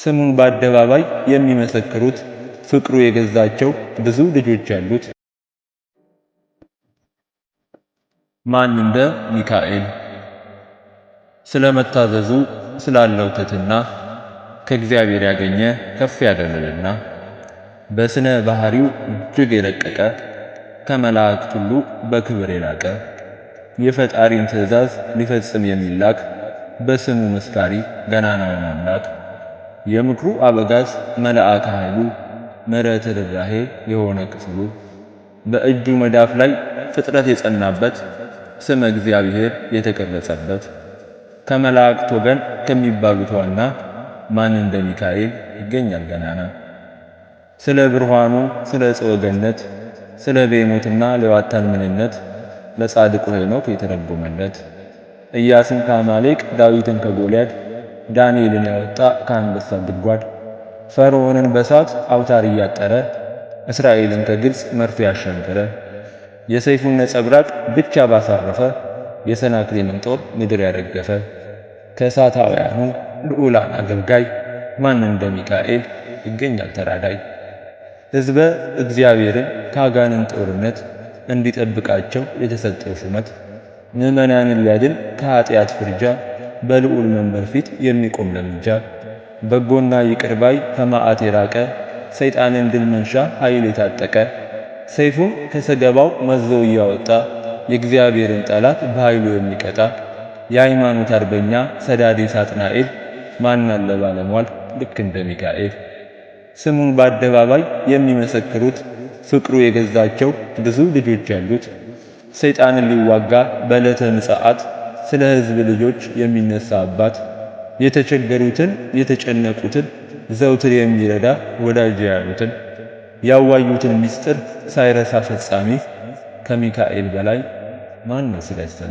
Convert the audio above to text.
ስሙን በአደባባይ የሚመሰክሩት ፍቅሩ የገዛቸው ብዙ ልጆች ያሉት ማን እንደ ሚካኤል ስለመታዘዙ ስላለው ትሕትና ከእግዚአብሔር ያገኘ ከፍ ያለ በስነ ባህሪው እጅግ የረቀቀ ከመላእክት ሁሉ በክብር የላቀ የፈጣሪን ትእዛዝ ሊፈጽም የሚላክ በስሙ መስካሪ ገናናውን አምላክ የምክሩ አበጋዝ መልአከ ኃይሉ ምሕረት ርኅራኄ የሆነ ክፍሉ በእጁ መዳፍ ላይ ፍጥረት የጸናበት ስመ እግዚአብሔር የተቀረጸበት ከመላእክት ወገን ከሚባሉት ዋና ማን እንደ ሚካኤል ይገኛል ገናና። ስለ ብርሃኑ፣ ስለ ጸወገነት ስለ ቤሞትና ለዋታን ምንነት ለጻድቁ ሄኖክ የተረጎመለት እያስን ከአማሌቅ ዳዊትን ከጎልያድ ዳንኤልን ያወጣ ከአንበሳ ጉድጓድ፣ ፈርዖንን በእሳት አውታር እያጠረ፣ እስራኤልን ከግብፅ መርፌ ያሻገረ፣ የሰይፉን ነጸብራቅ ብቻ ባሳረፈ፣ የሰናክሬምን ጦር ምድር ያረገፈ፣ ከእሳታውያኑ ልዑላን አገልጋይ ማን እንደ ሚካኤል ይገኛል ተራዳይ። ሕዝበ እግዚአብሔርን ከአጋንን ጦርነት እንዲጠብቃቸው የተሰጠው ሹመት፣ ምዕመናንን ሊያድን ከኃጢአት ፍርጃ በልዑል መንበር ፊት የሚቆም ለምጃ በጎና ይቅር ባይ ከመዓት የራቀ ሰይጣንን ድል መንሻ ኃይል የታጠቀ ሰይፉን ከሰገባው መዞ እያወጣ የእግዚአብሔርን ጠላት በኃይሉ የሚቀጣ የሃይማኖት አርበኛ ሰዳዴ ሳጥናኤል ማናለ ባለሟል ልክ እንደ ሚካኤል ስሙን በአደባባይ የሚመሰክሩት ፍቅሩ የገዛቸው ብዙ ልጆች ያሉት ሰይጣንን ሊዋጋ በዕለተ ምጽአት ስለ ሕዝብ ልጆች የሚነሳ አባት፣ የተቸገሩትን የተጨነቁትን ዘውትር የሚረዳ ወዳጅ ያሉትን ያዋዩትን ምስጢር ሳይረሳ ፈጻሚ ከሚካኤል በላይ ማን ነው ስለ